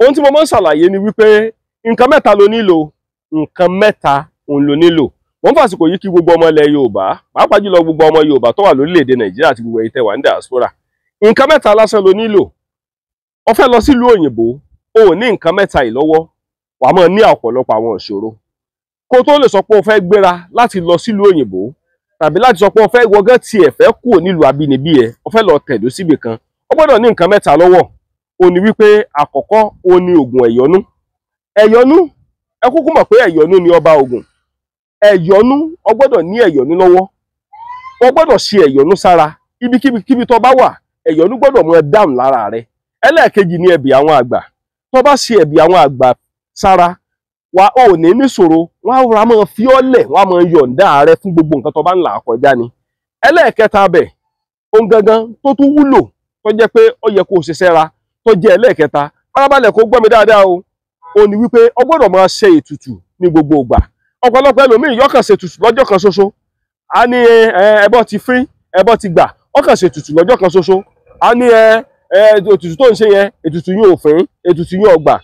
ohun tí mo mọ́ ń ṣàlàyé ni wípé nǹkan mẹ́ta ló nílò nǹkan mẹ́ta òun ló nílò wọ́n fàsìkò yìí kí gbogbo ọmọ ilẹ̀ yorùbá pàápàá jùlọ gbogbo ọmọ yorùbá tó wà lórílẹ̀‐èdè nàìjíríà àti gbogbo ẹ̀yin tẹ́ wà nǹkan mẹ́ta lásán ló nílò o fẹ́ lọ sílùú òyìnbó o ò ní nǹkan mẹ́ta yìí lọ́wọ́ wàá máa ní ọ̀pọ̀lọpọ̀ àwọn ìṣòro kó tó lè sọ pé o fẹ́ gbéra láti lọ sílùú òyìnbó tàbí láti sọ pé o fẹ́ wọgán tiẹ̀ fẹ́ kúrò nílùú abínibí ẹ o fẹ́ lọ tẹ̀dó síbì kan o gbọ́dọ̀ ní nǹkan mẹ́ta lọ́wọ́ ó ní wípé àkọ́kọ́ eyonu eyonu Ògún Ẹ̀yọ́nú Ẹ̀yọ́nú ẹ mọ̀ pé Ẹ̀yọ́nú ni ọba Ògún Ẹ̀yọ́nú ọ ni ní Ẹ̀yọ́nú lọ́wọ́ si ṣe Ẹ̀yọ́nú sára ibikíbi kíbi tó bá wà Ẹ̀yọ́nú gbọ́dọ̀ mọ dáhùn lára rẹ ẹlẹ́ẹ̀kejì ni ẹ̀bì àwọn àgbà tó bá ṣe ẹ̀bì àwọn àgbà sára wa o ní níṣòro wọn á ra máa fi ọ́lẹ̀ wọn á máa yọ̀ǹda rẹ fún gbogbo nǹkan tó bá ń là kọjá ni ẹlẹ́ẹ̀kẹta bẹ̀ ohun gangan tó tún wúlò tó jẹ́ pé ó yẹ o ṣiṣẹ́ ra tó jẹ́ ẹlẹ́ẹ̀kẹta farabalẹ̀ kó gbọ́ mi dáadáa o ó ní wípé o gbọ́dọ̀ máa ṣe ètùtù ní gbogbo ìgbà ọ̀pọ̀lọpọ̀ ẹlòmíì yọkàn ṣe ètùtù lọ́jọ́ kan ṣoṣo a ní ẹbọ ti fín ẹbọ ti gbà ọkàn ṣe ètùtù lọ́jọ́ kan ṣoṣo a ní ètùtù tó ń ṣe yẹn ètùtù yóò fín ètùtù yóò gbà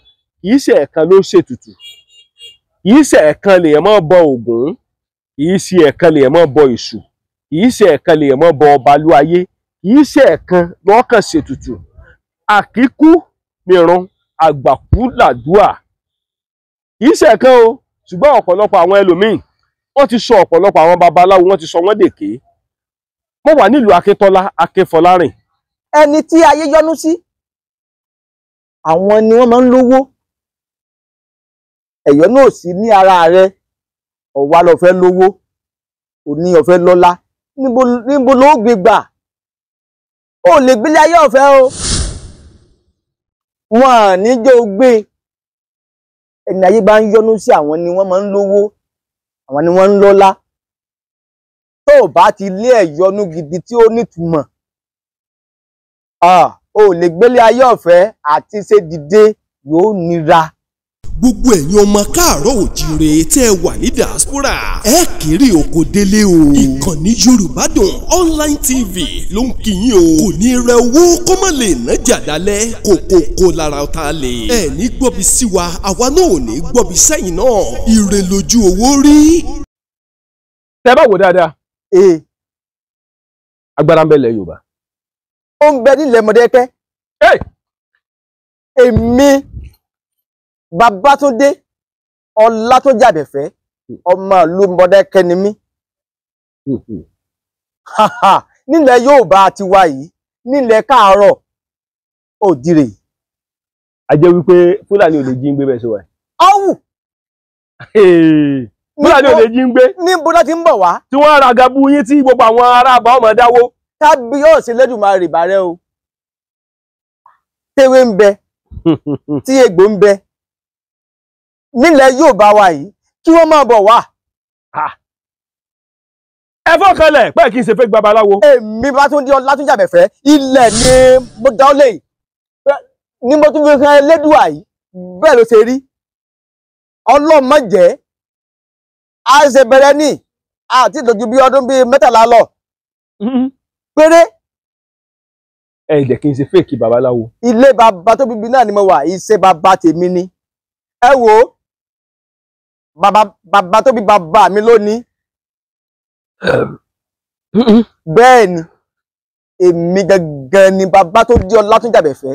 kìí ṣe ẹ̀kan ló ṣe ètùtù kìí ṣe ẹ̀kan lèèyàn mọ́ bọ Ògún kìí ṣe ẹ̀kan lèèyàn mọ́ bọ Èṣù kìí ṣe ẹ̀kan lèèyàn mọ́ bọ ọbalúayé kìí ṣe ẹ̀kan lọ́kàn ṣètùtù àkíkú mìíràn àgbàkú làdúà kì í ṣẹ̀kan o ṣùgbọ́n ọ̀pọ̀lọpọ̀ àwọn ẹlòmíì wọ́n ti sọ ọ̀pọ̀lọpọ̀ àwọn babaláwo wọ́n ti sọ wọ́n dèké mo wà nílùú Akíntọ́lá Akínfọlárìn. ẹni tí ayé yọ́nú sí àwọn ni wọ́n máa ń lówó ẹ̀yọ́ náà sì ní ara rẹ̀ ọ̀wá lọ fẹ́ lówó òní ọ̀fẹ́ lọ́lá níbo ló gbé gbà ó lè gbélé ayé ọ̀fẹ́ o wọn à ní jẹ́ ogbé ẹni ayé bá ń yọnu sí àwọn ni wọ́n máa ń lówó àwọn ni wọ́n ń lọ́lá tó o bá ti lé ẹ̀yọnu gidi tí ó nítumọ̀ o ò lè gbélé ayé ọ̀fẹ́ àti ṣe dìde yóò nira gbogbo ẹ̀yin ọmọ káàárọ̀ òjìrè tẹ́ ẹ wà ní diaspora ẹ kéré oko délé o ìkànnì yorùbá dùn online tv ló ń kíyìn o kò ní rẹ owó kó má lè ná jàdálẹ̀ kòkòkò lára ọ̀tá lè ẹ ní gbọ́bi sí wa àwa náà ò ní gbọ́bi sẹ́yìn náà ire lójú owó rí. tẹ́ bá wò dáadáa ee agbára ń bẹ lẹ yorùbá ó ń bẹ nílẹ̀ mọ̀dẹ́kẹ́ èmi. Hey! Hey, Babátúndé Ọlátúnjí Àbẹ̀fẹ́ hmm. ọmọ ìlú Mọdákẹ́kẹ́ ni mí hmm, hmm. nílẹ̀ ti tiwa yìí nílẹ̀ káàárọ̀ òdìrè. a jẹ́ wípé Fúlàní ò lè jí ń gbé bẹ́ẹ̀ ṣe wà. ọ̀wù. Fulani ò lè jí ń níbo ti bọ̀ wá. tí wọ́n gabu yín tí gbogbo àwọn ọmọ dáwó. tábí yóò o. ń bẹ tí nílẹ̀ yóò bá wa yìí kí wọ́n máa bọ̀ wá. ẹ fọkànlẹ̀ pé kí n ṣe fẹ́ babaláwo. èmi bá tún di ọ látúnjà bẹ̀fẹ́ ilẹ̀ ni mo dá ọ lẹ́yìn ni mo tún fi hàn ẹlẹ́dùà yìí bẹ́ẹ̀ ló ṣe rí ọlọ́mọjẹ́ a ṣe bẹ̀rẹ̀ ní àti ìdọ̀jú bíi ọdún bíi mẹ́tàlá lọ mm-hmm. péré. ẹ jẹ́ kí n ṣe fèkì babaláwo. ilé bàbá tó bíbí náà ni mo wà ìṣe bàbá tèmi ni ẹ wò ó bàbá bàbá tó bí bàbá mi lónìí. bẹ́ẹ̀ ni èmi gangan ni bàbá tó di Ọlátúnjí Àbẹ̀fẹ́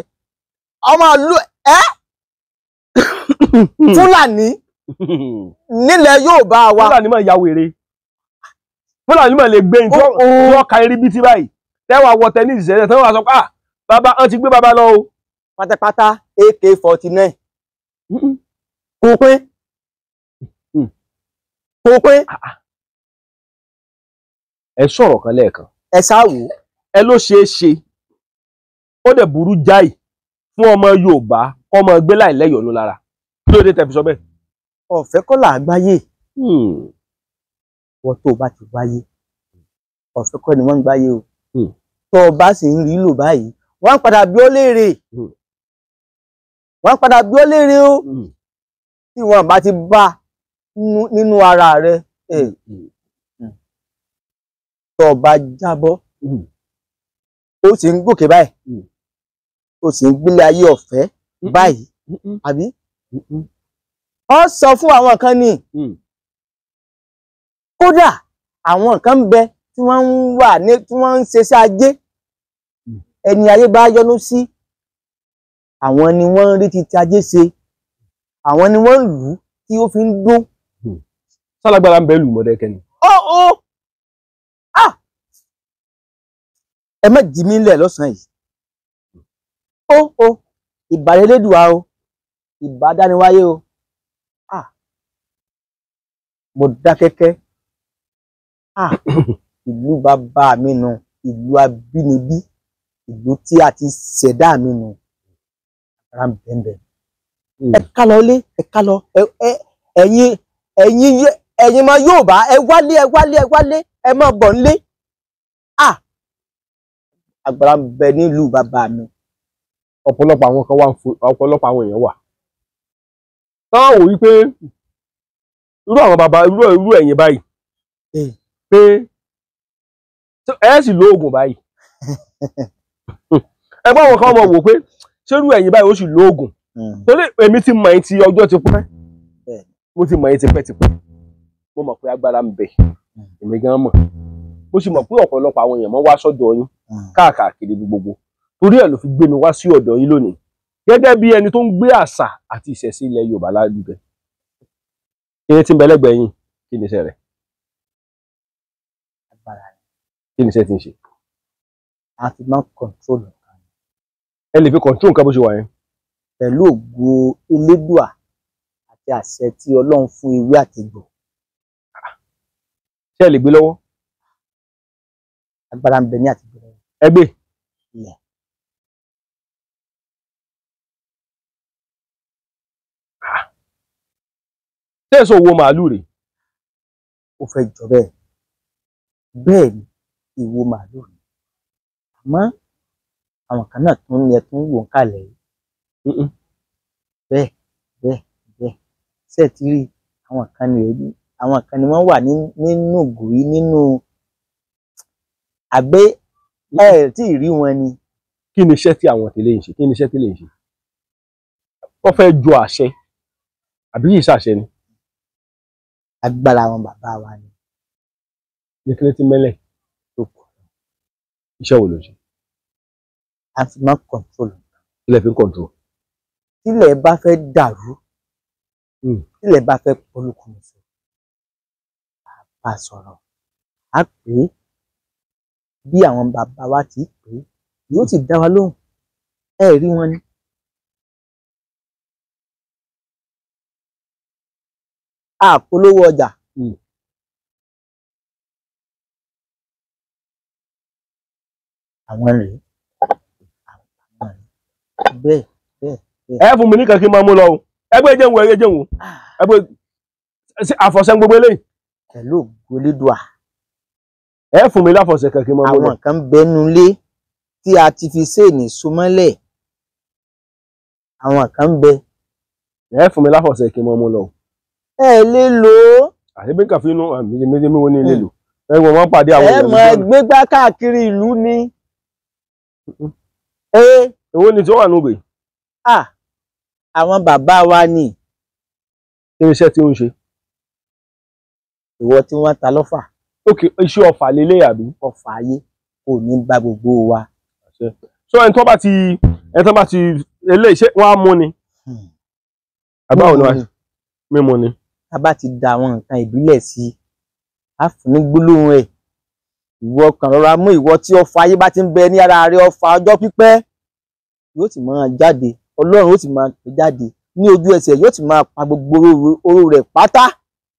ọmọ ìlú ẹ́ fúlàní nílẹ̀ Yorùbá wa. fúlàní máa ya wèrè fúlàní máa lè gbé nítorí ọkà irin bíi ti báyìí tẹ́wàá wọ tẹ́ ní ìṣẹ̀lẹ̀ tẹ́wàá sọ pé ah bàbá ti gbé bàbá lọ o. pátápátá AK forty nine kò pín tó pé. Ah, ah. ẹ sọ̀rọ̀ kan lẹ́ẹ̀kan. ẹ sáàwò ẹ ló ṣeé ṣe ó dẹ̀ burú jáì fún ọmọ Yorùbá kọ́ ọmọ gbé láì lẹ́yọ̀ọ́nú lára kí ló dé tẹ̀ fi sọ bẹ́ẹ̀. ọ̀fẹ́ kọ́ là á gbáyé hmm. wọ́n tó o bá ti gbáyé ọ̀fẹ́ kọ́ ni wọ́n ń gbáyé o hmm. tó o bá sì ń rí lò báyìí wọ́n padà bí ó léèrè hmm. wọ́n padà bí ó léèrè o tí wọ́n bá ti bá a nínú ara rẹ mm, eh. mm, mm. tó bá jábọ́ ó sì ń gòkè báyìí ó sì ń gbélé ayé ọ̀fẹ́ báyìí àbí ọ sọ fún àwọn kan ní kódà àwọn kan ń bẹ tí wọ́n ń wà ní tí wọ́n ń ṣe sáájé ẹni ayé bá yọ́nú sí àwọn ni wọ́n ń rí ti ti ajé ṣe àwọn ni wọ́n ń lù ú tí ó fi ń dún sálágbára ń bẹ lù mọdẹ kẹni. ó ó à ẹ má jí mi lẹ lọ́sàn-án yìí ó ó ìbàlélẹ́dùá o ìbádániwáyé o à mo dákẹ́kẹ́ à ìlú bàbá mi nu ìlú abínibí ìlú tí a ti ṣẹ̀dá mi nu ara ń bẹ̀ẹ̀ bẹ̀ẹ̀ ẹ ká lọ ilé ẹ ká lọ ẹ̀yin ẹ̀yin ẹ̀yin mọ yóò bá ẹ wálé ẹ wálé ẹ wálé ẹ mọ bọ̀ nlé à agbára ń bẹ nílùú bàbá mi. ọ̀pọ̀lọpọ̀ àwọn kan wà ọ̀pọ̀lọpọ̀ àwọn èèyàn wà táwọn wò wípé irú àwọn bàbá irú irú ẹ̀yin báyìí pé ẹ sì lo oògùn báyìí ẹ bá wọn kàn mọ wò pé ṣé irú ẹ̀yin báyìí ó sì lo oògùn torí èmi ti mọ̀ ẹ́ ti ọjọ́ ti pẹ́ mo ti mọ̀ ẹ́ ti pẹ́ ti pẹ́ mo mọ̀ pé agbára ń bẹ hmm. èmi gan mọ̀ mo sì mọ̀ pé ọ̀pọ̀lọpọ̀ àwọn èèyàn mọ́ wá sọ́dọ̀ yín hmm. káàkiri gbogbo torí ẹ̀ ló fi gbé mi wá sí ọ̀dọ̀ yín lónìí gẹ́gẹ́ bí ẹni tó ń gbé àṣà àti ìṣẹ̀sí ilẹ̀ Yorùbá lárugẹ iye tí ń bẹ lẹ́gbẹ̀ẹ́ yín kí ni iṣẹ́ rẹ̀ kí ni iṣẹ́ tí ń ṣe. a ti máa ń kọ̀ntrol nǹkan. ẹ lè fi kọ̀ntrol nǹkan bó ṣe wà yẹn. pẹ̀lú ògo elédùà àti àṣẹ tí Ọlọ́run fún ewé àtìgbò ṣé ẹ lè gbé lọ́wọ́. agbára ń bẹ ní àtìgbè lọ́wọ́. ẹ gbé. ilẹ̀. Ah. ṣé èso wo màálù rèé. ó fẹ́ jọ bẹ́ẹ̀ bẹ́ẹ̀ ni ìwo màálù rèé àmọ́ àwọn kan náà tún yẹ tún wò ń kàlẹ̀ yìí bẹ́ẹ̀ bẹ́ẹ̀ bẹ́ẹ̀ ṣe ti rí àwọn kan nìyẹn àwọn kan ni wọ́n wà nínú gùrí nínú àgbé ẹ̀ tí ì rí wọn ni. kí ni iṣẹ́ tí àwọn tẹ́lẹ̀ ń ṣe kí ni iṣẹ́ tẹ́lẹ̀ ń ṣe wọ́n fẹ́ ju àṣẹ àbí yìí ṣàṣẹ ni. agbára àwọn bàbá wa ni. ní kílé tí mẹ́lẹ̀ tó pọ̀ iṣẹ́ wo ló ṣe. a fi máa ń kọ̀ǹtrol. ilẹ̀ fi ń kọ̀ǹtrol. tílẹ̀ bá fẹ́ dàrú hmm. tílẹ̀ bá fẹ́ polúkúmuṣu bá sọ̀rọ̀ á pè é bí àwọn bàbá wa ti pè é yóò sì dá wa lóhùn ẹ rí wọn ni. àpolówó ọjà hmm. àwọn rèé bẹ́ẹ̀ bẹ́ẹ̀ bẹ́ẹ̀. ẹ fún mi ní kankan máa mú lọ o ẹgbẹ́ jẹun ẹgbẹ́ jẹun o ah. ẹgbẹ́ àfọ̀sẹ́ gbogbo eléyìí pẹ̀lú ògbólédùà. ẹ fún mi láfọ̀ọ́sẹ̀ kankan mọ́ mọ́. àwọn kan bẹnu lé tí a ti fi séènì súnmọ́lẹ̀ àwọn kan bẹ. ẹ fún mi láfọ̀ọ́sẹ̀ kí n mọ́ mọ́ lọ. ẹ lè lò ó. àti bí kàfin inú méjèèjì mi wọ́n ní ilé hmm. lò. ẹ wọ́n máa pàdé àwọn èèyàn. ẹ máa gbégbá káàkiri ìlú ni. Hmm. èwo ni tí ó wà nùgbè. àwọn bàbá wa ni. kí ni iṣẹ́ tí ó ń ṣe ìwọ tí wọ́n ta lọ́fà. ok iṣẹ́ ọ̀fà lélẹ̀ àbí. ọ̀fà ayé kò ní bá gbogbo wa. so ẹni tó bá ti ẹni tó bá ti eléyìí ṣé wọ́n á mú ni. àbá òun wa mímu ni. tá a bá ti da àwọn nǹkan ìbílẹ̀ sí i á fún ní gbólóhùn ẹ̀ ìwọ kan rọra mú ìwọ tí ọ̀fà ayé bá ti ń bẹ ní ara rẹ ọ̀fà ọjọ́ pípẹ́ yóò ti máa jáde ọlọ́run ó ti máa jáde ní ojú ẹsẹ̀ yóò ti máa pa gbogbo oró rẹ̀ pátá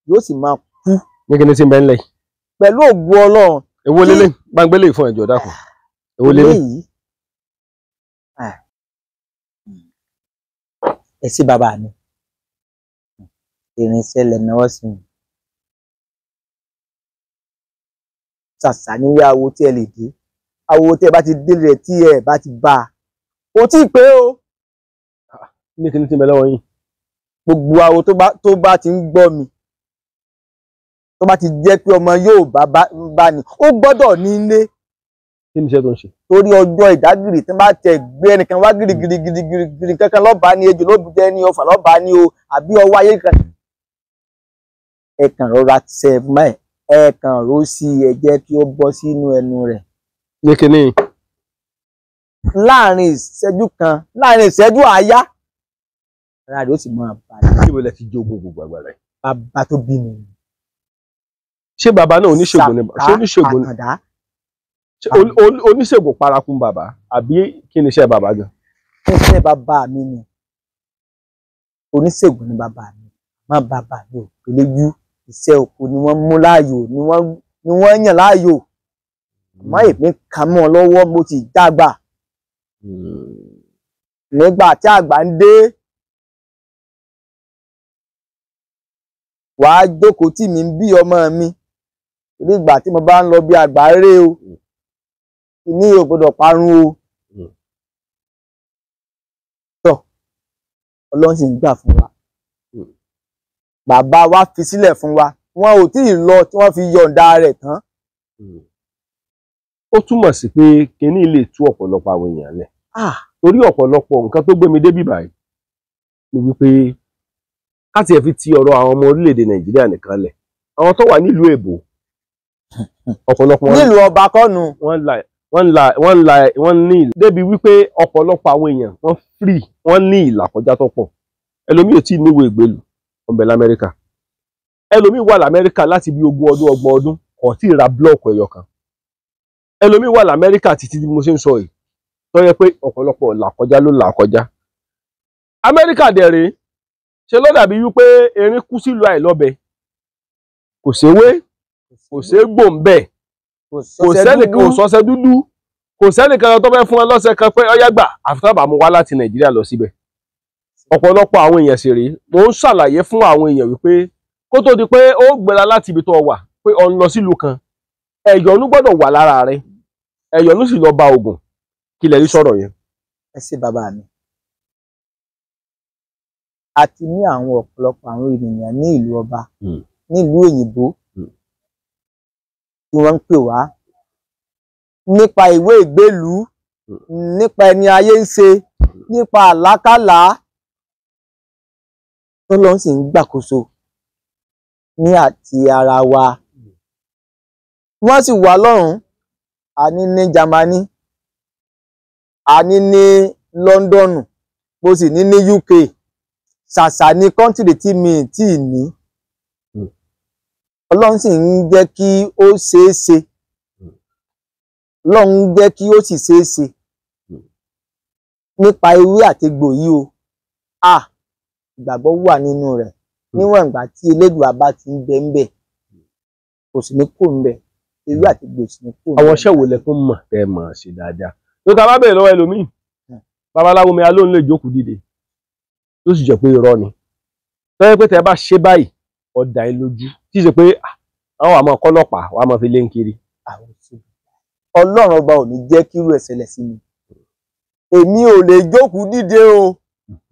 yóò sì máa kú ní kíni tí ń bẹ ńlẹ̀ yìí. pẹ̀lú ògùn ọlọ́run. èwo lélẹ̀ bá ń gbélé fún ẹ̀jọ̀ dákun èwo lélẹ̀. ẹ sí bàbá mi irinṣẹ́ lẹ náwó sí mi ṣàṣà nílé awo tí ẹ lè dé awo tí ẹ bá ti délé rẹ tí ẹ bá ti bá a kò tí ì pé o. Ah, ní kíni tí ń bẹ lọ́wọ́ yìí. gbogbo awo tó bá ti ń gbọ́ mi tó bá ti jẹ́ pé ọmọ yóò bá ní ó gbọ́dọ̀ ní kí ni iṣẹ́ tó ń ṣe. torí ọjọ́ ìdágìrì tí wọ́n bá tẹ gbé ẹnìkan wá gírí gírí gírí gírí gírí kankan lọ́ba ni ejò lóbi jẹ́ ni ọfà lọ́ba ni o àbí ọwọ́ ayé kan. ẹ kàn rọra tẹ mọ́ ẹ ẹ kàn ró sí ẹ jẹ́ kí ó bọ́ sínú ẹnu rẹ̀. ní kíní. láàrin ìṣẹ́jú kan láàrin ìṣẹ́jú àáyá ara rẹ̀ ó sì máa balẹ̀. kí wọ́n lè fi jogún gbogbo àgbà rẹ̀. bàbá tó bí mi ṣé bàbá náà oníṣègùn ni ṣé oníṣègùn oníṣègùn parakun bàbá àbí kí ni iṣẹ́ bàbá gan. iṣẹ́ bàbá mi ni oníṣègùn ni bàbá mi má bàbá mi ò pélé yú iṣẹ́ òkú ni wọ́n mú láàyò ni wọ́n yàn láàyò àmọ́ hmm. èmi kà mọ́ lọ́wọ́ mo ti dàgbà hmm. nígbà tí àgbà ń dé wàá jókòó tì mí bí ọmọ mi ní ìgbà tí mo bá ń lọ bí àgbáre o mm. ní ò gbọdọ̀ parun o mm. tọ Ọlọ́run sì ń gbà fún wa mm. bàbá wa fi sílẹ̀ fún wa wọn ò tí ì lọ tí wọ́n fi yọ̀ǹda rẹ̀ tán. ó túmọ̀ sí pé kínní lè tú ọ̀pọ̀lọpọ̀ àwọn èèyàn lẹ̀ torí ọ̀pọ̀lọpọ̀ nǹkan tó gbé mi débì báyìí ni wípé ká tiẹ̀ fi ti ọ̀rọ̀ àwọn ọmọ orílẹ̀-èdè Nàìjíríà nìkan lẹ̀ àwọn tó wà nílùú èbó ọ̀pọ̀lọpọ̀ nílùú ọba kọ́nu. wọ́n la wọ́n la wọ́n la wọ́n ní ìlà. débi wípé ọ̀pọ̀lọpọ̀ àwọn èèyàn wọ́n free wọ́n ní ìlà kọjá tó pọ̀ ẹlòmíì ò tí ì níwèé ìgbélù ọ̀bẹ lamẹ́ríkà ẹlòmíì wà lamẹ́ríkà láti bí ogún ọdún ọgbọ̀n ọdún kò tí ì ra blọọkù ẹyọ kan ẹlòmíì wà lamẹ́ríkà títí bí mo ṣe ń sọ yìí tó yẹ pé ọ̀pọ̀lọpọ̀ là kọjá ló là kọjá amẹ́ríkà dẹ̀rẹ̀ ṣe ló dàbí wípé erin kú sílùú àìlọ́bẹ kò séwé kò ṣeé gbò ń bẹ̀ kò sẹ́nìkan kò sọ́sẹ́ dúdú kò sẹ́nìkan tó fẹ́ fún ẹ lọ́sẹ̀ kan pé ọyá gbà àfitábà mú wá láti nàìjíríà lọ síbẹ̀ ọ̀pọ̀lọpọ̀ àwọn èèyàn sì rí mo ń ṣàlàyé fún àwọn èèyàn wípé kó tó di pé ó gbéra láti ibi tó wà pé ọ̀n lọ sílùú kan ẹ̀yọ́nú gbọ́dọ̀ wà lára rẹ ẹ̀yọ́nú sì lọ ba oògùn kí lẹ rí sọ̀rọ̀ yẹn. ẹ ṣe bàbá mi àti ní àwọn ọ̀pọ̀lọpọ̀ àwọn ènìyàn ní ìlú ọba hmm. nílùú òyìnbó tí wọ́n ń pè wá nípa ìwé ìgbélùú nípa ẹni ayé ń ṣe nípa àlákàlà tọ́lọ́run sì ń gbàkóso ní àti ara wa wọ́n sì wà lọ́rùn àní ní Jámánì àní ní Lọ́ńdọ̀nù mo sì ní ní UK ṣàṣà ní kọ́ńtìrì tí mi ì tí ì ní ọlọ́run sì ń jẹ́ kí ó ṣeé ṣe ọlọ́run ń jẹ́ kí ó sì ṣeé nípa ewé àtegbò yìí o a ìgbàgbọ́ wà nínú rẹ̀ níwọ̀n ìgbà tí elédùà bá ti ń bẹ ń bẹ kò sì ní kó ń bẹ ewé àtegbò sì ní kó ń bẹ. àwọn iṣẹ́ wo lẹ mọ̀ tẹ́ mọ̀ ṣe dáadáa ló ta bá bẹ̀rẹ̀ lọ́wọ́ ẹlòmíì hm. babaláwo mi alóhùn lè jókòó dìde tó sì jẹ́ pé irọ́ ni tọ́jú pé tẹ́ bá ṣe báyìí ọ̀dà ẹ lójú tí ì ṣe pé ah, àwọn àmọ́ kọ́lọ́pàá wàá máa fi lé ń kiri. ọlọ́run ọba ò ní jẹ́ kírú ẹ̀ ṣẹlẹ̀ sí mi èmi ò lè jókòó dìde o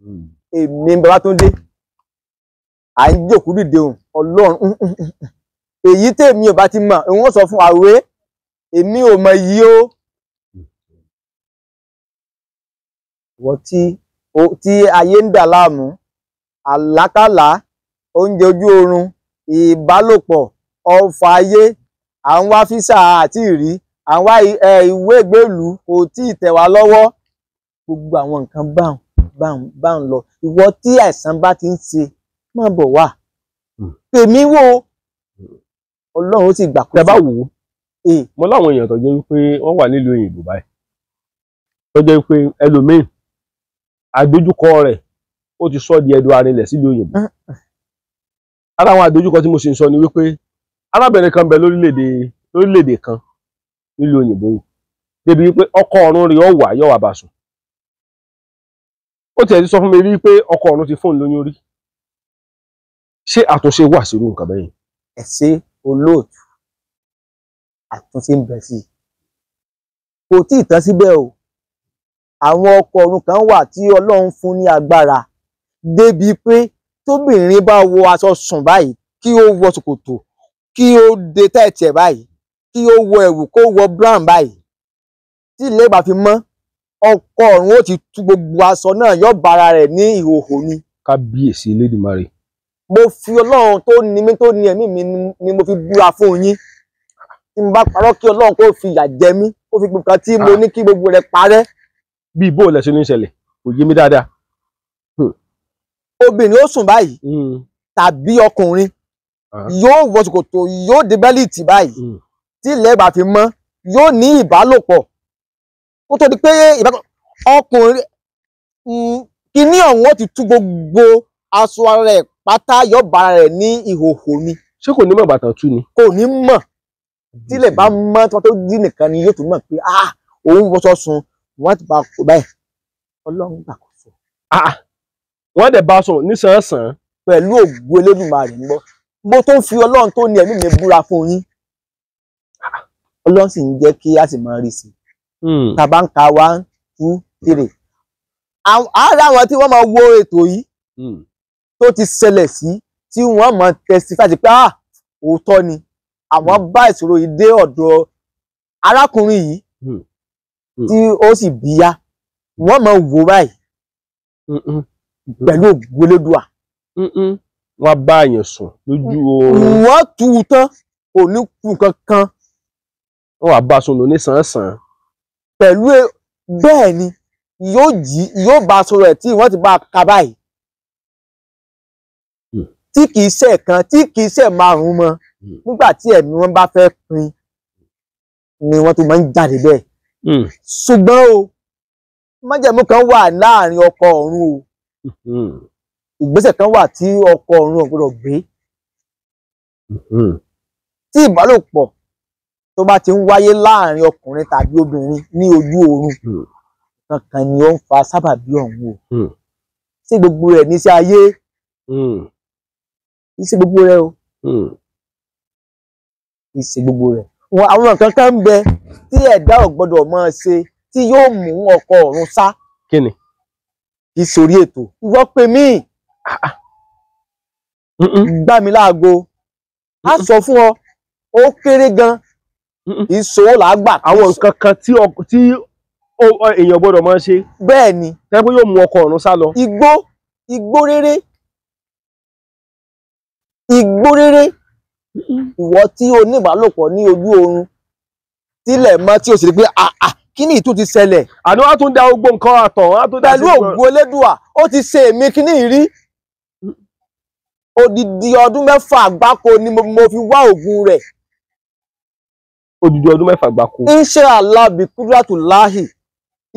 hmm. èmi Babátúndé à ń jókòó dìde o ọlọ́run hmm, hmm, èyí tèmi ò bá ti mọ̀ wọ́n sọ fún àwé èmi ò mọ̀ yìí o. wọ́n tí ayé ń dà láàmú àlákàlà oúnjẹ ojú oorun ìbálòpọ̀ ọfà ayé à ń wá físà àti ìrí à ń wá ìwé ìgbélú kò tí ì tẹ̀ wá lọ́wọ́ gbogbo àwọn nǹkan báhùn báhùn báhùn lọ ìwọ tí àìsàn bá ti ń ṣe má bọ̀ wá hmm. tèmi wo hmm. ọlọ́run ó sì gbà kó sí. tẹ́ bá wò ó mo láwọn èèyàn tó jẹ́ wípé wọ́n wà nílùú òyìnbó báyìí tó wípé ẹlòmíín àdójúkọ rẹ̀ ó ti sọ di ẹdun arinlẹ̀ sílùú òyìnbó ah, ah. ara àwọn àdójúkọ tí mo sì ń sọ ni wípé arábìnrin kan bẹ lórílẹ̀-èdè kan nílùú òyìnbó debi débi wípé ọkọ ọ̀run rẹ̀ ó wá yóò ó tiẹ̀ ọkọ ọ̀run ti fóun lóyún rí ṣé àtúnṣe wà nǹkan ṣe olóòtú àtúnṣe ń kò tí ì tán o àwọn ọkọ kan wà tí ọlọ́run fún ní agbára débi pé tóbìnrin bá wọ aṣọ sùn báyìí kí ó wọ ṣòkòtò kí ó de tẹ́ẹ̀tì ẹ̀ báyìí kí ó wọ ẹ̀wù kó wọ brown báyìí tí ilé ìgbà fi mọ́ ọkọ ọ̀run ó ti tú gbogbo aṣọ náà yọ bara rẹ̀ ní ìhòhò ni. kábíyèsí elédùnmarè. mo fi ọlọ́run tó ní mi tó ní ẹ̀mí mi ni mo fi búra fún yín tí mo bá parọ́ kí ọlọ́run kó fi ìyà jẹ mí kó fi gbogbo kan tí mo ah. ní kí gbogbo rẹ̀ parẹ́. bí ibo lẹ ṣe ní kò yé mi dáadáa obìnrin ó sùn báyìí hmm. tàbí ọkùnrin ah. yóò wọ ṣòkòtò yóò dé bẹ́líìtì báyìí hmm. tí ilẹ̀ bá fi mọ́ yóò ní ìbálòpọ̀ kó tó di pé ọkùnrin hmm, kíní ọ̀hún ó ti tú gbogbo aṣọ ara pátá yóò rẹ̀ ní ìhòhò ni. ṣé kò ní mọ̀ bàtà tú ni. kò ní mọ̀ tílẹ̀ bá mọ́ tí wọ́n tó dí nìkan ni yóò tún mọ̀ pé ah, òun wọ́sọ̀ sun wọ́n ti bá kó báyìí ọlọ́run gbà kó sọ. Ah, wọ́n dẹ̀ bá sọ̀rọ̀ nísànsán pẹ̀lú ògo Elédùmarè ń bọ̀ mo tó ń fi Ọlọ́run tó ní ẹ̀mí mi búra fún yín Ọlọ́run sì ń jẹ́ kí a sì máa rí sí i hmm. tá bá ń ka one two three ara àwọn tí wọ́n máa wo ètò yìí hmm. tó ti ṣẹlẹ̀ sí tí wọ́n máa testify pé ah òótọ́ ni àwọn hmm. bá ìṣòro yìí dé ọ̀dọ̀ arákùnrin yìí tí ó sì bíyá wọ́n máa wò báyìí pẹ̀lú ògbólédùà. wọ́n bá àyàn sùn lójú oorun. wọ́n tu tán òní kù kankan. wọ́n wàá bá a sùn lóní sàn-án pẹ̀lú e, bẹ́ẹ̀ ni yóò jí yóò bá a sọ̀rọ̀ ẹ̀ tí wọ́n ti bá a ka báyìí. Hmm. tí kì í ṣe kan tí kì í ṣe márùn-ún mọ́ hmm. nígbà tí ẹ̀mí wọn bá fẹ́ pin ni wọ́n tó máa ń jáde bẹ́ẹ̀. Hmm. ṣùgbọ́n o májẹ̀mú kan wà láàrin ọkọ ọ̀run o. Hmm. ìgbésẹ̀ kan wà tí ọkọ ọ̀run ọ̀gbọ́dọ̀ gbé hmm. tí ìbálòpọ̀ tó bá ti ń wáyé láàrin ọkùnrin tàbí obìnrin ní ojú oorun hmm. kankan ni ó ń fa sábàbí ọ̀hún o sí gbogbo rẹ̀ níṣẹ́ ayé kì gbogbo rẹ̀ o kì gbogbo rẹ̀ àwọn nǹkan kan ń bẹ tí ẹ̀dá ò máa ṣe tí yóò mú ọkọ ọ̀run sá. kí ni kì í sórí ètò ìwọ pè mí gbà mí láago a sọ fún ọ ó kéré gan ìṣòwò làágbà. àwọn nǹkan kan tí èèyàn gbọ́dọ̀ máa ṣe. bẹ́ẹ̀ ni. tẹ́gbẹ́ yóò mú ọkọ ọ̀run sá lọ. igbó igbó rere igbó rere ìwọ tí oníbàálòpọ̀ ní ojú oorun tílẹ̀ mọ́ tí o sì rí pé àà ah, ah, kíní ìtún ti ṣẹlẹ̀. àná wàá tún da ogbó nǹkan àtọ̀ wàá da sí. pẹ̀lú ògùn elédùà ó ti ṣe èmi kíní rí odidi ọdún mẹ́fà gbáko ni mo fi wá ògùn rẹ̀. odidi ọdún mẹ́fà gbáko. inṣàlá bí kúdúrátù láhì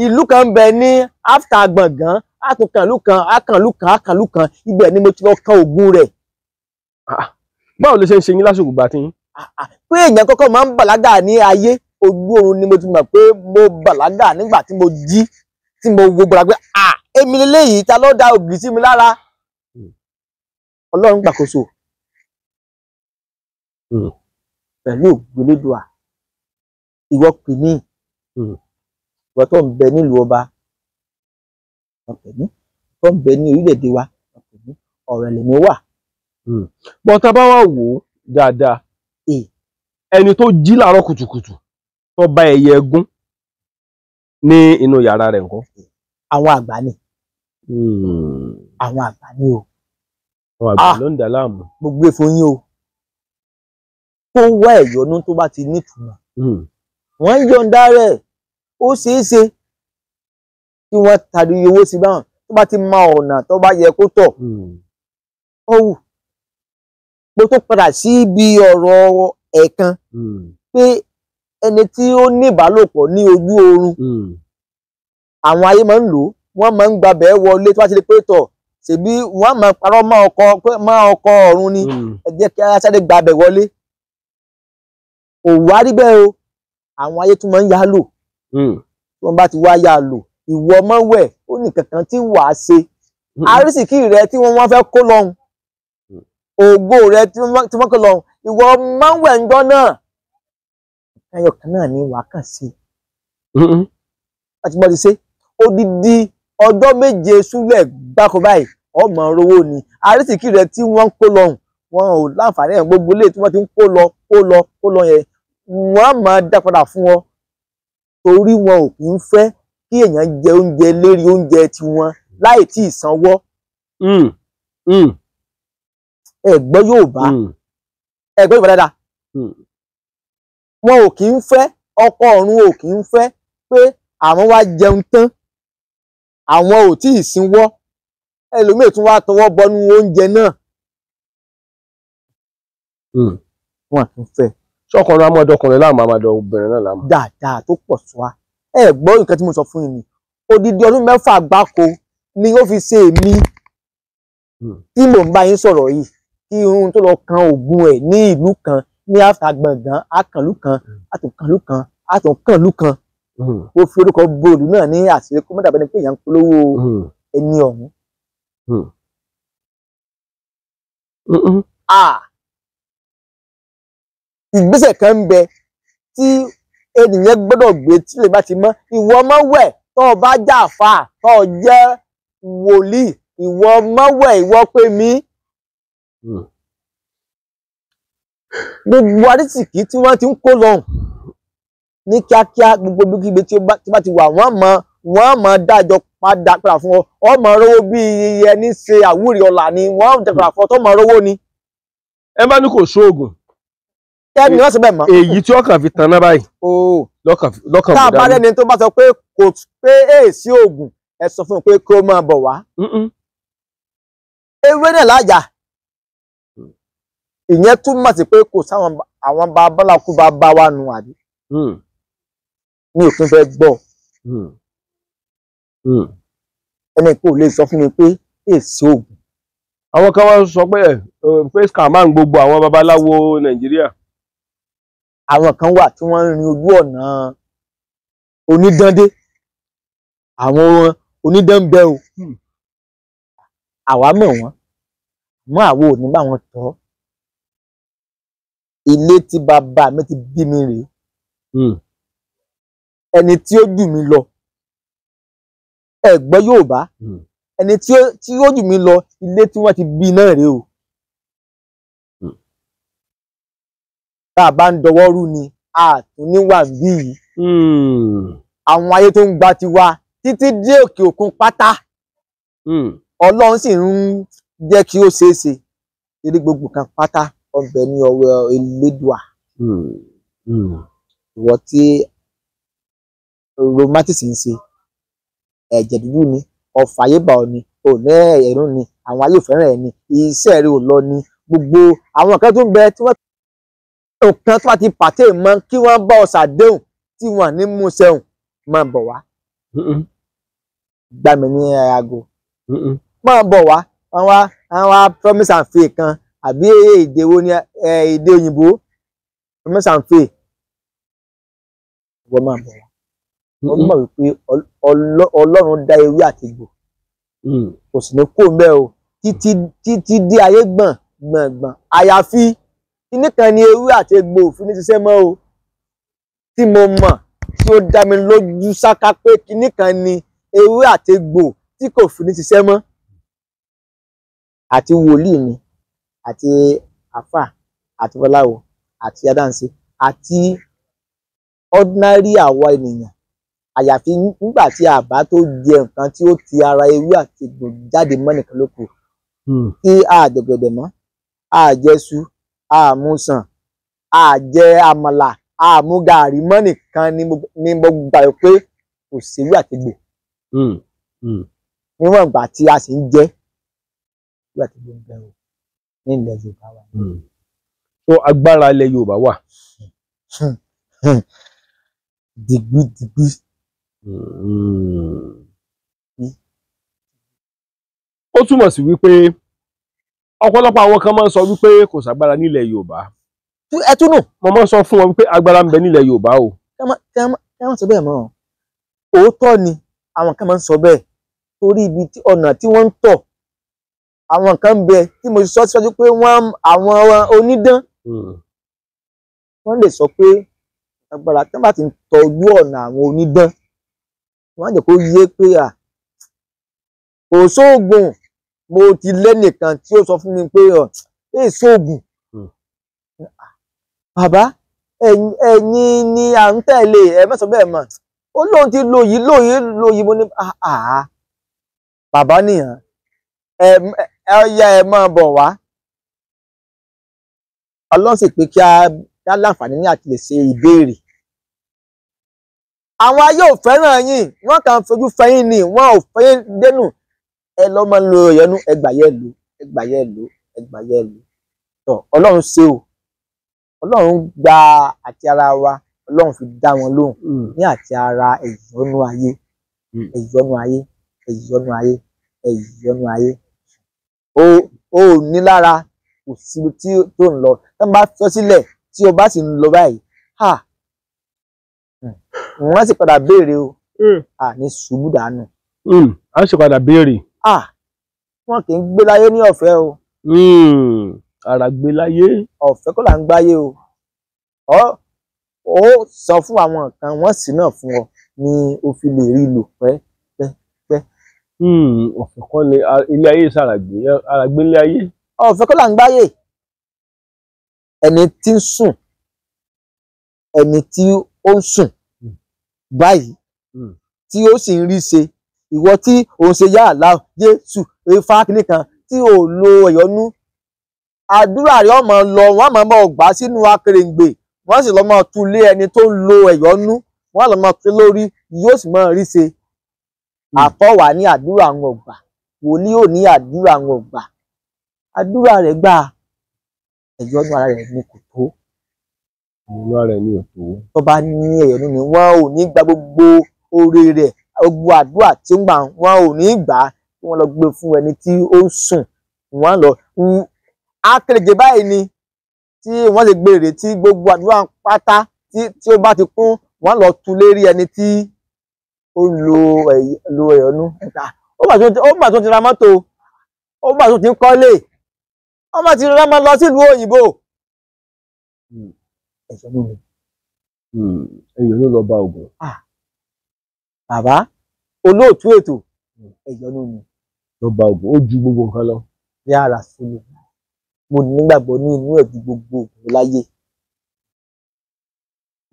ìlú kan bẹ ní áfítà gbọ̀ngàn àtúnkànlù kan àkànlù kan àkànlù kan ibẹ̀ ni mo ti lọ kan ògùn rẹ̀. Ah, ah. báwo ló ṣe ń ṣe yín lásìkò gbà tí. Ah, pé èèyàn kọ́kọ́ máa ń bàlágà ní ayé ojú oorun ni mo ti mọ̀ pé mo bàlágà nígbà tí mo jí tí mo wo gbọ́dọ̀ pé à èmi lélẹ́yìí ta ló da ògì sí mi lára hmm. ọlọ́run gbàkóso hmm. pẹ̀lú ògbélédùà ìwọ kìíní hmm. ìwọ tó ń bẹ nílùú ọba ọ̀pẹ̀mí tó ń bẹ ní orílẹ̀-èdè wa ọ̀pẹ̀mí ọ̀rọ̀ ẹ̀lẹ́mí wà. bọ́tà bá wà wò ó dáadáa ẹni tó jí làárọ̀ kùtùkùtù tó bá ẹyẹ ẹgún ní inú yàrá rẹ̀ ńkọ́. àwọn àgbà ni hmm. àwọn àgbà ni o. àwọn àgbà ah! ló ń dà láàmú. gbogbo èfò yín o kó wá ẹ̀yọ́nú tó bá ti nítumọ̀ hmm. wọ́n ń yọ̀ǹda rẹ̀ ó ṣeé ṣe kí wọ́n tàbí owó sí báwọn tó bá ti ma ọ̀nà tó bá yẹ kó tọ̀ hmm. ó wù tó padà sí ibi ọ̀rọ̀ ẹ̀kan pé ẹni tí ó ní ìbálòpọ̀ ní ojú oorun hmm. àwọn ayé máa ń lò wọ́n máa ń gbabẹ̀ wọlé tí wọ́n ti lè pé tọ̀ ṣèbí wọ́n máa parọ́ mọ́ ọkọ mọ́ ọkọ ọ̀run ni hmm. ẹ jẹ́ kí aṣáájú gbabẹ̀ wọlé òwò arígbẹ́ o àwọn ayé tún máa ń yá lò hmm. tí wọ́n bá ti wá yá lò ìwọ ọmọ wẹ̀ ó ní kankan tí wàá ṣe arísìkí rẹ tí wọ́n wá fẹ́ kó lọ́hùn ògo rẹ tí wọ́n kó lọ́hùn ìwọ ọmọ wẹ̀ ń gbọ́ náà ẹyọ kan náà ni wàá kàn sí àti mm-hmm. bọ́ọ̀lù ṣe odidi ọjọ́ méje súlẹ̀ gbáko báyìí ọmọ rówó ni àrísìkí rẹ tí wọ́n ń kó lọ́hùn wọn ò láǹfààní ẹ̀ gbogbo ilé tí wọ́n ti ń kó lọ kó lọ kó lọ yẹn wọ́n á máa dá padà fún wọn torí wọn ò kì í fẹ́ kí èèyàn jẹ oúnjẹ lérí oúnjẹ tiwọn láì tí ì sanwó mm. mm. ẹ̀gbọ́n yóò bá mm. ẹ̀gbọ́n yóò bá dáadáa wọn ò kì í fẹ́ ọkọ ọ̀run ò kì í fẹ́ pé àwọn wá jẹun tán àwọn ò tí ì sinwọ́ ẹlòmíì tún wá tọwọ́ bọnú oúnjẹ náà. Hmm. wọn àtún fẹ́. sọkùnrin amọdọkùnrin láàmú amadọ obìnrin náà láàmú. dáadáa tó pọ̀ sí wa ẹ gbọ́ nǹkan tí mo sọ fún yín ni odidi ọdún mẹ́fà gbáko ni ó fi ṣe èmi hmm. tí mò ń bá yín sọ̀rọ̀ yìí kí irun tó lọ kan ògùn ẹ̀ ní ìlú kan ní àfà gbọ̀ngàn akànlú kan àtòkànlú hmm. kan àtòkànlú kan ó hmm. fi orúkọ bóòlù náà ní àṣírí kó mọ́tàbẹ́ ni pé èèyàn ń polówó hmm. ẹni ọ̀hún. Ah. ìgbésẹ̀ kan ń bẹ tí ènìyàn gbọ́dọ̀ gbé tílẹ̀ bá ti mọ́ ìwọ ọmọ wẹ̀ tó o bá jà fà tó o jẹ́ wòlíì ìwọ ọmọ wẹ̀ ìwọ pé mi. Mm gbogbo arísìkí tí wọ́n ti ń kó lọ́hùn ní kíákíá gbogbo gbígbé tí bá ti wà wọ́n mọ wọ́n mọ dájọ́ padà padà fún ọ ọmọ rówó bí ẹni ṣe àwúrí ọ̀la ni wọ́n dẹ̀kọ̀rà fún ọ tó mọ rówó ni. ẹ bá ní kò sóògùn. ẹ ní wọ́n sì bẹ́ẹ̀ mọ́. èyí tí ọkàn fi tan náà báyìí. lọ́kàn fi dání. tá a bá lẹ́ni tó bá sọ pé kò pé èsì oògùn ẹ sọ fún un pé kó máa bọ̀ wá. ewé náà lájà ìyẹn túmọ̀ sí pé kò sáwọn àwọn babaláku bá bá wa nu àbí hmm. mi ò tún fẹ́ gbọ́ hmm. hmm. ẹnì kò lè sọ fún mi pé èsì oògùn. àwọn kan wá sọ pé pé eh, scamman eh, gbogbo àwọn babaláwo nàìjíríà. àwọn kan wà tí wọ́n ń rin ojú ọ̀nà onídàndé àwọn onídànbẹ́ o àwa mọ̀ wọ́n mọ́ àwo ò ní bá wọn tọ́ ilé tí bàbá mi ti bí mi rèé hmm. ẹni tí ó jù mí lọ ẹgbẹ́ Yorùbá hmm. ẹni tí ó jù mí lọ ilé tí wọ́n ti bí náà rèé o hmm. tá a bá ń dọwọ́ rú ni a tún níwà bí yìí àwọn ayé tó ń gba tiwa títí dé òkè òkun pátá Ọlọ́run sì ń jẹ́ kí ó ṣeé eré gbogbo kan pátá ọbẹ̀ ní ọwọ́ Elédùà hmm, hmm. ìwọ tí rheumatism ń ṣe ẹ̀jẹ̀ dúdú ni ọ̀fà ayébà ọ̀ ni òní ẹ̀rún ni àwọn ayé òfẹ́ràn ẹ̀ ni iṣẹ́ rẹ ò lọ ni gbogbo àwọn kan tó ń bẹ tí wọ́n òkan tó bá ti pàtẹ́ mọ́ kí wọ́n bá ọ ṣàdéhùn tí wọ́n ní mú sẹ́hùn máa bọ̀ wá gbà mí ní aago máa bọ̀ wá àwọn àwọn promise and faith kan àbí èdè wo ni èdè òyìnbó ọmọsànfè wọ́n máa bọ̀ wọ́n mọ̀ wípé ọlọ́run dá ewé àti egbò hmm. kò sì ní kó mẹ́ o títí dé ayé gbọ̀n gbọ̀ngbọ̀n àyàfi kíní kan ni ewé àti egbò òfin ní ṣiṣẹ́ mọ́ o tí mo mọ̀ tí ó dá mi lójú ṣáká pé kíní ni ewé àti egbò tí kò fi ní ṣiṣẹ́ mọ́ àti wòlíì ni àti àáfà àti babaláwo àti adáǹsẹ àti ordinary àwa ènìyàn àyàfi nígbà tí a bá tó jẹ nǹkan tí ó ti ara ewé àti egbò jáde mọ́ nìkan ló kù hmm. kí a jẹ̀gẹ̀dẹ̀ mọ́ a jẹṣu a mú sàn a jẹ àmàlà a mú gààrí nìkan ni mo gbà pé kò séwé àti egbò hmm. Hmm. níwọ̀n ìgbà tí a sì ń jẹ ewé àti egbò ń ní ilẹ̀ yorùbá wa. Hmm. so agbára ilẹ̀ yorùbá wà. dìgbìdìgbì. Hmm. ó túmọ̀ sí wípé ọ̀pọ̀lọpọ̀ àwọn kan máa ń sọ wípé kò sàgbára nílẹ̀ yorùbá. ẹ tún nù. mo máa ń sọ fún wọn wípé agbára ń bẹ nílẹ̀ yorùbá o. kí wọ́n sọ bẹ́ẹ̀ mọ́ òótọ́ ni àwọn kan máa ń sọ bẹ́ẹ̀ torí ibi ọ̀nà tí wọ́n ń tọ̀ àwọn kan bẹ tí mo sọ síwájú pé wọn àwọn onídán hmm. wọn lè sọ pé agbára tí wọn bá ti ń tọjú ọ̀nà àwọn onídán wọn á jẹ kó yé pé à kò sóògùn mo ti lẹ́nìkan tí ó sọ fún mi pé ọ̀ sóògùn hmm. bàbá ẹ̀yin ni à ń tẹ̀lé ẹ má sọ bẹ́ẹ̀ mọ̀ ó lóun ti lóyìí lóyìí lóyìí mo ní àá bàbá nìyẹn ẹ yá ẹ mọ́ bọ̀ wá ọlọ́run sì pé kí a láǹfààní ní àti lè ṣe ìbéèrè àwọn ayé ò fẹ́ràn yín wọ́n kàn fojú fẹ́yìn ni wọ́n ò fẹ́yìn dénú ẹ lọ́ mọ́ lo ìyọnu ẹgbàyẹ lò ẹgbàyẹ lò ẹgbàyẹ lò tọ ọlọ́run ṣe o ọlọ́run gba àti ara wa ọlọ́run fi dá wọn lóhùn hmm. ní àti ara ẹ̀yọ́nú ayé hmm. ẹ̀yọ́nú ayé ẹ̀yọ́nú ayé ẹ̀yọ́nú ayé o ò ní lára kò síbi tí tó ń lọ tó ń bá sọ sílẹ̀ tí o bá sì ń lọ báyìí ha hmm, wọ́n sì padà béèrè o à hmm. ní ṣubú dànù. Hmm, a sì padà béèrè. wọn kì í gbé láyé ní ọ̀fẹ́ o. ara gbé láyé. ọ̀fẹ́ kọ́ là ń gbáyé o ó sọ fún àwọn kan wọ́n sì náà fún ọ ni o fi lè rí lò pẹ́. Hmm, ọ̀fẹ́ kọ́ ni ilé ayé sàràgbé àràgbé ilé ayé. ọ̀fẹ́ kọ́ là ń gbáyè ẹni tí ń sùn ẹni tí ó ń sùn hmm. báyìí hmm. tí ó sì ń rí ṣe ìwọ tí òun ṣe yá àlá Jésù ifá kìíní kan tí ò lo ẹ̀yọ́nú àdúrà rẹ̀ ọmọ lọ wọ́n máa mọ gbà sínú akèrèǹgbè wọ́n sì lọ máa tú lé ẹni tó ń lo ẹ̀yọ́nú wọ́n lọ máa tú lórí yóò sì máa rí ṣe Hmm. àfọwà ní àdúrà àwọn ọgbà wòlíì ò ní àdúrà àwọn ọgbà àdúrà rẹ̀ gbà ẹ̀yọ́nú ara rẹ̀ ni kò tó. ìyọ́nú ara rẹ̀ ni ò tó. tó bá ní ẹ̀yọ́nú ni wọ́n ò ní gba gbogbo oore rẹ̀ gbogbo àdúrà tí ó ń gbà wọ́n ò ní gbà á kí wọ́n lọ gbé fún ẹni tí ó ń sùn wọ́n lọ. akérèjé báyìí ni tí wọ́n lè gbèrè tí gbogbo àdúrà pátá tí ó bá ti kún wọ́n lọ tu lérí ẹni tí ó lo ẹ̀yọ́nú ẹ̀ta ó mà tó ti ra mọ́tò ó mà tó ti ń kọ́lé ó mà ti rọ́mọ lọ sílùú òyìnbó ẹ̀yọ́nú ni. ẹ̀yọ́nú lọ bá ogun. bàbá olóòtú ètò hmm. ẹ̀yọ́nú ni. lọ bá ogun ó ju gbogbo nǹkan lọ. ní ara sunu mo nígbàgbọ́ ní inú ẹ̀ ju gbogbo ògùn láyé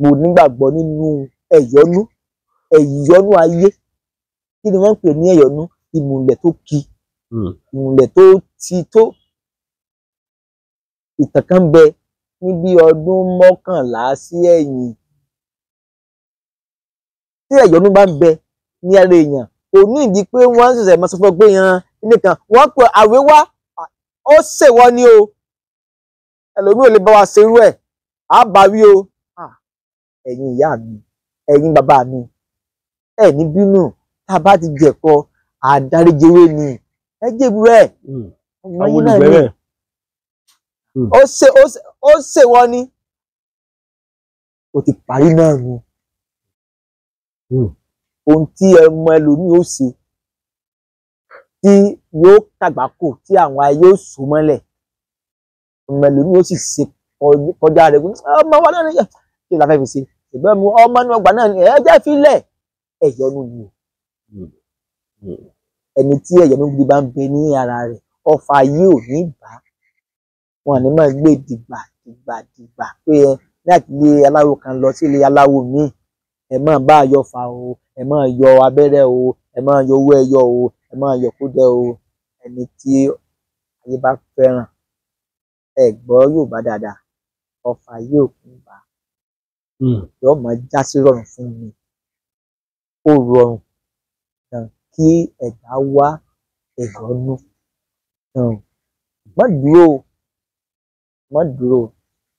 mo nígbàgbọ́ nínú ẹ̀yọ́nú ẹ̀yọ́nú ayé kí ni wọ́n ń pè ní ẹ̀yọ́nú ìmùlẹ̀ tó ki hmm. ìmùlẹ̀ tó ti tó ìtàn kan bẹ ní bí ọdún mọ́kànlá sí ẹ̀yìn tí ẹ̀yọ́nú bá ń bẹ ní ara èèyàn kò ní ìdí pé wọ́n ṣẹ̀ṣẹ̀ máa sọ fún ọ pé yan nìkan wọ́n pe àwé wá ó ṣèwọ́ ni o ẹlòmíì ò lè bá wa ṣerú ẹ̀ á bá wí o ẹ̀yin ìyá mi ẹ̀yin bàbá mi ẹ̀ ní bínú tá a bá ti jẹ̀kọ àdáríjẹwé ni ẹ jèbúrẹ́ àwọn olùgbẹ́rẹ́ ó ṣe ó ṣe wọ́n ní o ti parí náà nu hmm. ohun tí ẹ mọ ẹlòmíì ó ṣe tí yóò kàgbákò tí àwọn ayé ó sùn mọ́lẹ̀ ọmọ ẹlòmíì ó sì ṣe kọjá rẹ̀ ọmọ wa náà ni kí la fẹ́ fi ṣe ìgbẹ́ ọmọ ọgbà náà ni ẹ jẹ́ fi lẹ̀ ẹ̀yọ́nú ni o ẹni tí ẹ̀yọ́nú gidi bá ń bẹ ní ara rẹ̀ ọfà yìí ò ní bá wọn ní máa gbé dìgbà dìgbà dìgbà pé ẹ láti ilé aláwo kan lọ sí ilé aláwo míì ẹ máa bá yọ fà o ẹ máa yọ abẹ́rẹ́ o ẹ máa yọ owó ẹyọ o ẹ máa yọ kúdẹ o ẹni tí ayé bá fẹ́ràn ẹ gbọ́ Yorùbá dáadáa ọfà yìí ò kún bá hmm. yóò máa já sí rọrùn fún mi kó rọrùn um kí ẹ̀dá wá ìyọ́nú um má dúró o má dúró o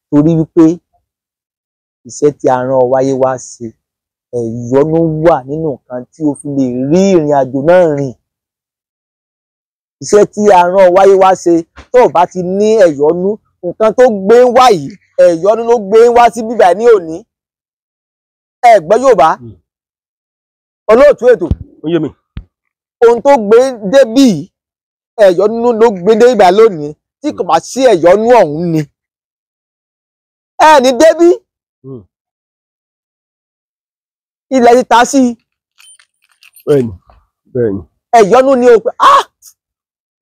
torí wípé iṣẹ́ tí a rán ọ wáyé wá ṣe ẹ̀yọ́nú wà nínú nǹkan tí o fi lè rí ìrìn àjò náà rìn iṣẹ́ tí a rán ọ wá ṣe tó o bá ti ní ẹ̀yọ́nú nǹkan tó gbé wá yìí ẹ̀yọ́nú ló gbé wá sí bíbá ní òní ẹ̀gbọ́n Yorùbá hmm olóòtú ètò oyemi ohun tó gbé débì ẹ̀yọ́nú ló gbé débà lónìí tí kò bá sí ẹ̀yọ́nú ọ̀hún ni ẹ ní débì hmm. ilẹ̀ ti ta sí ẹ̀yọ́nú ni o pé ah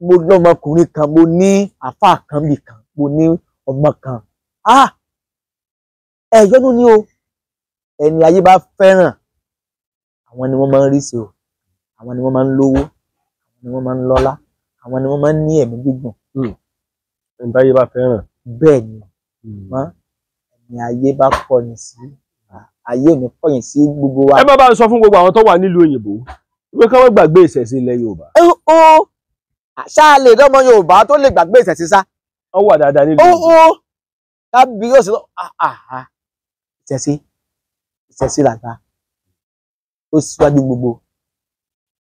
mo lọ́mọkùnrin kan mo ní àfáà kan bì kan mo ní ọmọ kan ah ẹ̀yọ́nú ni o ẹni ayé bá fẹ́ràn àwọn ni wọ́n máa ń rí sí o àwọn ni wọ́n máa ń lówó àwọn ni wọ́n máa ń lọ́lá àwọn ni wọ́n máa ń ní ẹ̀mí gígùn. Hmm. ẹni táyé bá fẹ́ràn. bẹ́ẹ̀ ni hmm. mọ́ ẹni ayé bá kọ̀yìn sí ayé mi kọ̀yìn sí gbogbo wa. ẹ bá bá ń sọ fún gbogbo àwọn tó wà nílùú òyìnbó wípé ká wọ́n gbàgbé ìṣẹ̀ṣe ilẹ̀ yorùbá. O ṣá lè dọ́mọ yorùbá tó lè gbàgbé ìṣẹ̀ṣe sá. ó wà dáadáa nílùú òyìnbó. ó tábí yóò ṣe lọ ah, ah, ah, ìṣẹ̀ṣe ìṣẹ̀ṣe làgbà ó síwájú gbogbo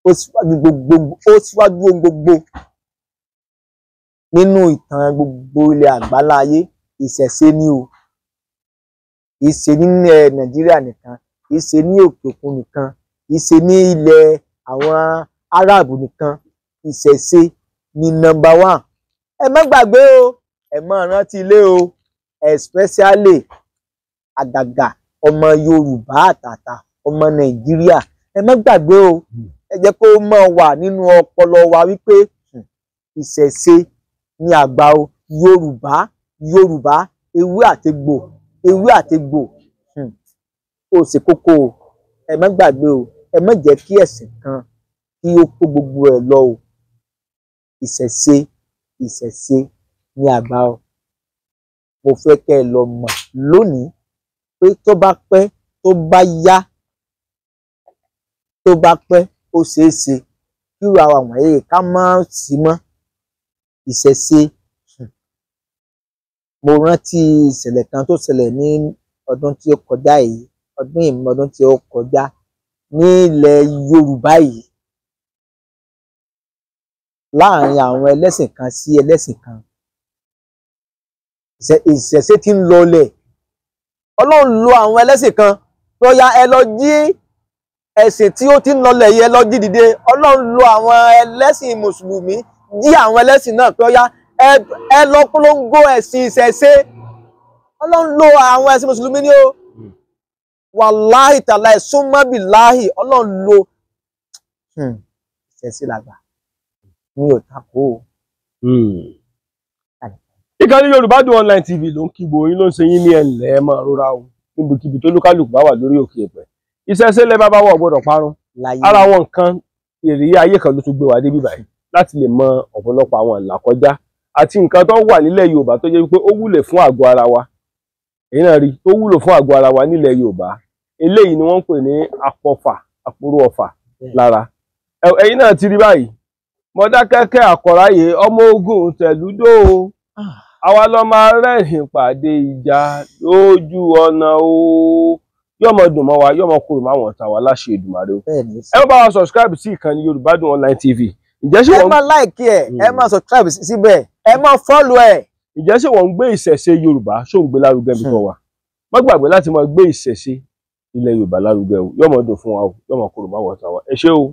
ó síwájú gbogbo ó síwájú ohun gbogbo nínú ìtàn gbogbo ilẹ̀ àgbálá ayé ìṣẹ̀ṣe ni o kìí ṣe nílẹ̀ nàìjíríà nìkan kìí ṣe ní òkè òkun nìkan kìí ní ilẹ̀ àwọn aráàbù nìkan ìṣẹ̀ṣe ni nọ́mbà one ẹ má gbàgbé o ẹ má rántí ilé o especially àgàgà ọmọ yorùbá àtàtà ọmọ nàìjíríà ẹ má gbàgbé o ẹ jẹ́ kó mọ̀ wà nínú ọpọlọ wa wípé hmm, ìṣẹ̀ṣe ni àgbà o yorùbá yorùbá ewé àtegbò ewé àtegbò hmm, ó ṣe kókó o ẹ má gbàgbé o ẹ má jẹ́ kí ẹ̀sìn kan kí ó kó gbogbo ẹ̀ lọ o ìṣẹ̀ṣe ìṣẹ̀ṣe ni àgbà o mo fẹ́ kẹ́ ẹ lọ mọ̀ lónìí pé tó bá pẹ́ tó bá yá tó bá pẹ́ ó ṣeé ṣe kírú àwọn àwọn eré ká má sí mọ́ ìṣẹ̀ṣe hmm. mo rántí ìṣẹ̀lẹ̀ kan tó ṣẹlẹ̀ ní ọdún tí ó kọjá yìí ọdún ìmọ̀ ọdún tí ó kọjá ní ilẹ̀ Yorùbá yìí láàrin àwọn ẹlẹ́sìn kan sí ẹlẹ́sìn kan ìṣẹ̀ṣe tí ń lọlẹ̀ Ọlọ́run lo àwọn ẹlẹ́sìn kan tó ya ẹ lọ jí ẹ̀sìn tí ó ti ń lọlẹ̀ yẹ lọ jí dìde ọlọ́run lo àwọn ẹlẹ́sìn mùsùlùmí jí àwọn ẹlẹ́sìn náà pé ọyá ẹ lọ polongo ẹ̀sìn ìṣẹ̀ṣe ọlọ́run lo àwọn ẹ̀sìn mùsùlùmí ni ó hmm. wàláhì tàlà ẹ̀sùn mọ́bì láhì ọlọ́run lo hmm, ìṣẹ̀ṣe làgbà mi ò takò ó. Hmm. ìkànnì Yorùbá Dùn Online TV ló ń kígbo yín ló ń ṣe yín ní ẹ̀lẹ́ máa rọra o níbikíbi tó lókàlùkù bá wà lórí òkè ìpẹ́ ìṣẹ̀ṣẹ̀ lẹ́ bàbá wa gbọ́dọ̀ parun ara wọn nǹkan èrè ayé kan ló tún gbé wa débi báyìí láti lè mọ ọ̀pọ̀lọpọ̀ àwọn ìlà kọjá àti nǹkan tó wà nílẹ̀ Yorùbá tó jẹ́ wípé ó wúlò fún àgọ́ ara wa èyí náà rí tó wúlò fún àgọ́ ara wa nílẹ̀ Yorùbá eléyìí ni wọ́n ń pè ní apọ̀fà àpòrò ọ̀fà lára ẹ̀yin náà ti rí báyìí Mọdákẹ́kẹ́ Àkọ̀ráyè ọmọ ogun tẹ̀lúdó ah. àwa ló máa rẹ́rìn pàdé ìjà lójú ọ̀nà o yóò mọ dùn mọ́ wa yóò mọ kúrò máwọn ọ̀tá wa láṣẹ Èdùmàrè o ẹ bá wa subscribe sí ìkànnì Yorùbá Dùn Online TV ǹjẹ́ ṣé wọ́n. ẹ máa like ẹ hmm. ẹ máa subscribe síbẹ̀ ẹ máa follow ẹ. ǹjẹ́ ṣé wọ́n ń gbé ìṣẹ̀ṣe Yorùbá ṣó ń gbé lárugẹ bí tó wà má gbàgbé láti máa gbé ìṣẹ̀ṣe ilẹ̀ Yorùbá lárugẹ o yóò mọ dùn fún wa o yóò mọ kúrò máwọn ọ̀tá wa ẹ ṣé o.